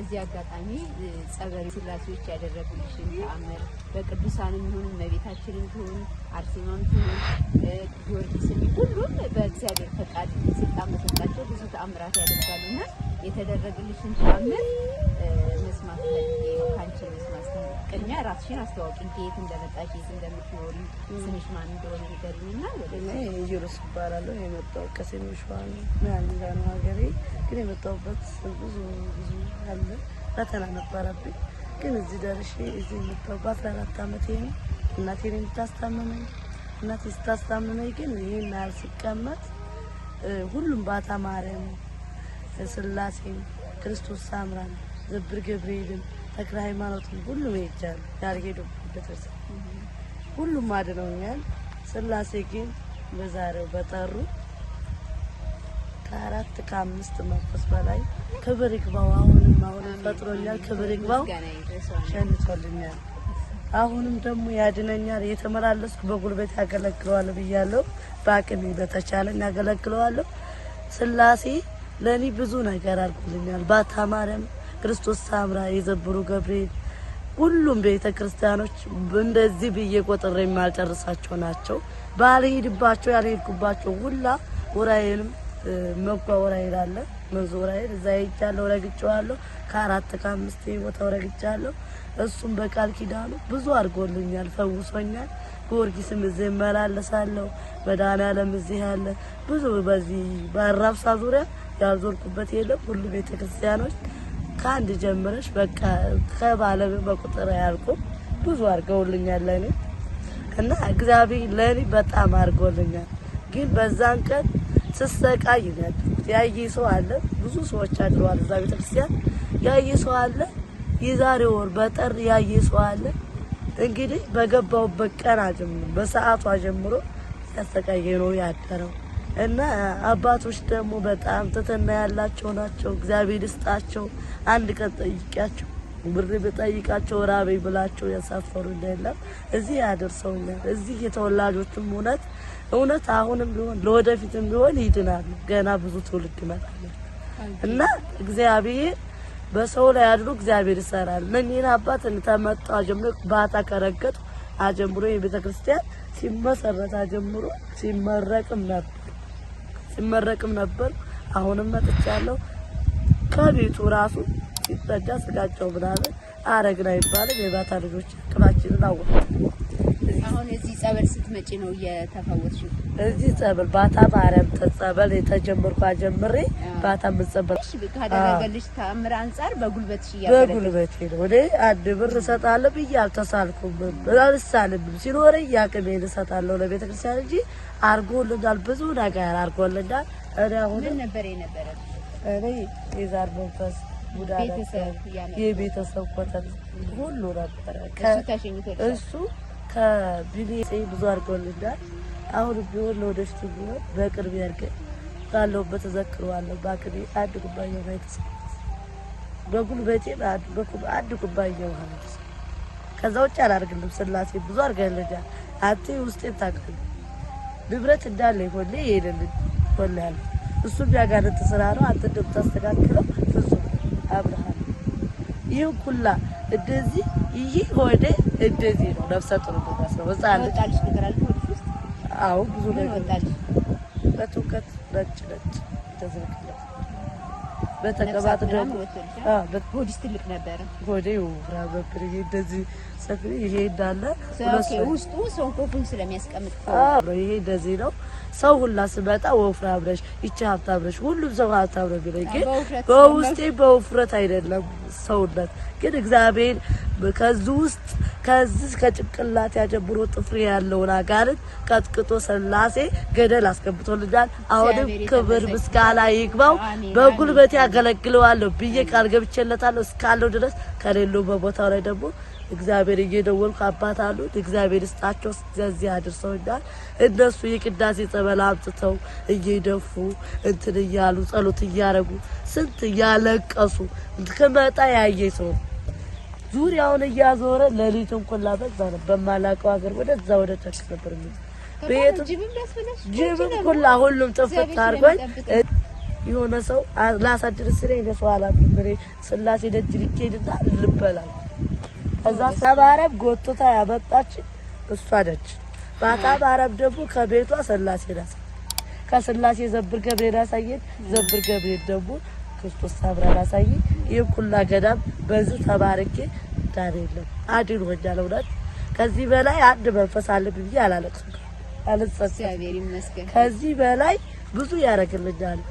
እዚህ አጋጣሚ ጸበል ስላሴዎች ያደረጉልሽን ተአምር በቅዱሳንም ይሁን እመቤታችንም ትሁን አርሴማም ትሁን ጊዮርጊስም ሁሉም በእግዚአብሔር ፈቃድ ስልጣን መሰጣቸው ብዙ ተአምራት ያደርጋሉና የተደረግልሽን ተአምር መስማት ፈልጌ ነው። ከአንቺ መስማት ቅድሚያ ራስሽን አስተዋውቂ፣ ከየት እንደመጣሽ፣ የት እንደምትኖሪ፣ ስምሽ ማን እንደሆነ ንገሪኝ እና ዩሮስ እባላለሁ። የመጣሁት ከሰሜን ሸዋ ነው። ምናልባ ነው ሀገሬ። ግን የመጣሁበት ብዙ ብዙ አለ ፈተና ነበረብኝ። ግን እዚህ ደርሼ እዚህ የመጣሁ በአስራ አራት ዓመቴ ነው። እናቴን የምታስታምመኝ እናቴ ስታስታምመኝ ግን ይህን ያህል ስቀመጥ ሁሉም ባታ ማርያም፣ ስላሴም ክርስቶስ ሳምራ ነው ዝብር ገብርኤልን ተክለ ሃይማኖትን ሁሉም ይቻል ያልሄዱበት እርስ ሁሉም አድነውኛል። ስላሴ ግን በዛሬው በጠሩ ከአራት ከአምስት መንፈስ በላይ ክብር ይግባው። አሁንም አሁንም ፈጥሮኛል፣ ክብር ይግባው ሸንቶልኛል። አሁንም ደግሞ ያድነኛል። የተመላለስኩ በጉልበት ያገለግለዋለሁ ብያለሁ። በአቅሜ በተቻለኝ ያገለግለዋለሁ። ስላሴ ለእኔ ብዙ ነገር አድርጎልኛል። ባታ ማርያም ክርስቶስ ሳብራ የዘብሩ ገብርኤል ሁሉም ቤተ ክርስቲያኖች እንደዚህ ብዬ ቆጥሬ የማልጨርሳቸው ናቸው። ባልሄድባቸው ያልሄድኩባቸው ሁላ ወራይንም መጓ ወራይል አለ መንዙ ወራይል እዛ ሄጃለሁ፣ ረግጬዋለሁ። ከአራት ከአምስት ቦታ ረግጬዋለሁ። እሱም በቃል ኪዳኑ ብዙ አድርጎልኛል፣ ፈውሶኛል። ጊዮርጊስም እዚህ እመላለሳለሁ፣ መድኃኔዓለም እዚህ አለ። ብዙ በዚህ በአራብሳ ዙሪያ ያልዞርኩበት የለም። ሁሉ ቤተ ክርስቲያኖች ከአንድ ጀምረሽ በቃ ከባለቤ በቁጥር አያልቁም። ብዙ አድርገውልኛል ለእኔ እና እግዚአብሔር ለእኔ በጣም አድርጎልኛል። ግን በዛን ቀን ስሰቃይ ነው ያየ ሰው አለ። ብዙ ሰዎች አድረዋል እዛ ቤተክርስቲያን ያየ ሰው አለ። የዛሬ ወር በጠር ያየ ሰው አለ። እንግዲህ በገባውበት ቀን ጀምሮ በሰዓቷ ጀምሮ ሲያሰቃየ ነው ያደረው። እና አባቶች ደግሞ በጣም ትትና ያላቸው ናቸው። እግዚአብሔር ይስጣቸው። አንድ ቀን ጠይቂያቸው ብር ብጠይቃቸው ራበኝ ብላቸው ያሳፈሩ የለም እዚህ ያደርሰውኛል። እዚህ የተወላጆችም እውነት እውነት አሁንም ቢሆን ለወደፊትም ቢሆን ይድናሉ። ገና ብዙ ትውልድ ይመጣል እና እግዚአብሔር በሰው ላይ አድሮ እግዚአብሔር ይሰራል። እነኝህን አባት እንተመጣ ጀምሮ ባታ ከረገጡ አጀምሮ የቤተ ክርስቲያን ሲመሰረታ ጀምሮ ሲመረቅም ነበር ሲመረቅም ነበር። አሁንም መጥቻለሁ። ከቤቱ ራሱ ሲጠጃ ስጋቸው ምናምን አረግና ይባላል። የባታ ልጆች አቅማችንን አወቁ። አሁን እዚህ ጸበል ስትመጪ ነው እየተፈወስሽ? እዚህ ጸበል ባታ ማርያም ጸበል የተጀመርኩ አጀምሬ ባታ ምጸበል ካደረገልሽ ተአምር አንጻር በጉልበትሽ እያገለገልሽ በጉልበቴ ነው። እኔ አንድ ብር እሰጣለሁ ብዬ አልተሳልኩም፣ አልሳልም። ሲኖረኝ ያቅሜን እሰጣለሁ ለቤተ ክርስቲያን እንጂ አድርጎልናል፣ ብዙ ነገር አድርጎልናል። እኔ አሁን ምን ነበር የነበረ እኔ የዛር መንፈስ ጉዳት የቤተሰብ ኮተት ሁሉ ነበረ እሱ ከቢኒ ብዙ አድርገውልናል። አሁን ቢሆን ለወደፊቱ ቢሆን በቅርብ ያርገ ባለውበት ተዘክረዋለሁ። በአቅሜ አንድ ኩባያ ውሃ የተሰጠኝ በጉልበቴ አንድ ኩባያ ውሃ የተሰጠኝ ከዛ ውጭ አላደርግልም። ስላሴ ብዙ አድርገህልኛል። አንተ ውስጤን ታውቃለህ። ንብረት እንዳለ ይሆን ይሄደልን ሆነ ያለ እሱም ያጋንንት ስራ ነው። አንተ እንደምታስተካክለው ፍጹም አብርሃም ይህ ኩላ እንደዚህ ይህ ሆነ እንደዚህ ነው። ነፍሰ ጡር ነው። ብዙ ነገር በትውከት ነጭ ነጭ በተቀባት ትልቅ ነበረ። ይሄ እንደዚህ ሰፊ ይሄ እንዳለ ውስጡ ሰው ኮፉን ስለሚያስቀምጥ ይሄ እንደዚህ ነው። ሰው ሁላ ስመጣ ይቺ ሁሉም ሰው ግን በውስጤ በውፍረት አይደለም ሰውነት ግን እግዚአብሔር ከዚህ ውስጥ ከዚህ ከጭንቅላት ያጀምሮ ጥፍሬ ያለውን አጋርን ቀጥቅጦ ስላሴ ገደል አስገብቶልኛል። አሁንም ክብር ምስጋና ይግባው። በጉልበቴ ያገለግለዋለሁ ብዬ ቃል ገብቼለታለሁ። እስካለው ድረስ ከሌሉ በቦታው ላይ ደግሞ እግዚአብሔር እየደወልኩ አባት አሉት እግዚአብሔር ይስጣቸው እስከዚህ አድርሰውኛል። እነሱ የቅዳሴ ጸበል አምጥተው እየደፉ እንትን እያሉ ጸሎት እያረጉ ስንት እያለቀሱ ከመጣ ያየ ሰው ዙሪያውን እያዞረ ለሊቱን ኩላ በዛ ነው በማላቀው ሀገር ወደዛ ወደ ተክ ነበር ሚ ጅብም ኩላ ሁሉም ጥፍት አድርጓኝ የሆነ ሰው ላሳድር ስሬ ለሰው ምሬ ስላሴ ደጅ ልኬድና ልበላል እዛ አረብ ጎትታ ያመጣች እሷ ነች። በአካብ አረብ ደግሞ ከቤቷ ስላሴ ናት። ከስላሴ ዘብር ገብርኤል አሳየን። ዘብር ገብርኤል ደግሞ ክርስቶስ አብራን አሳየኝ። ይህም ሁላ ገዳም በዚህ ተባርኬ ዳር የለም አድን ሆኛል። እውነት ከዚህ በላይ አንድ መንፈስ አለ ብዬ አላለቅስም፣ ከዚህ በላይ ብዙ ያደርግልኛል።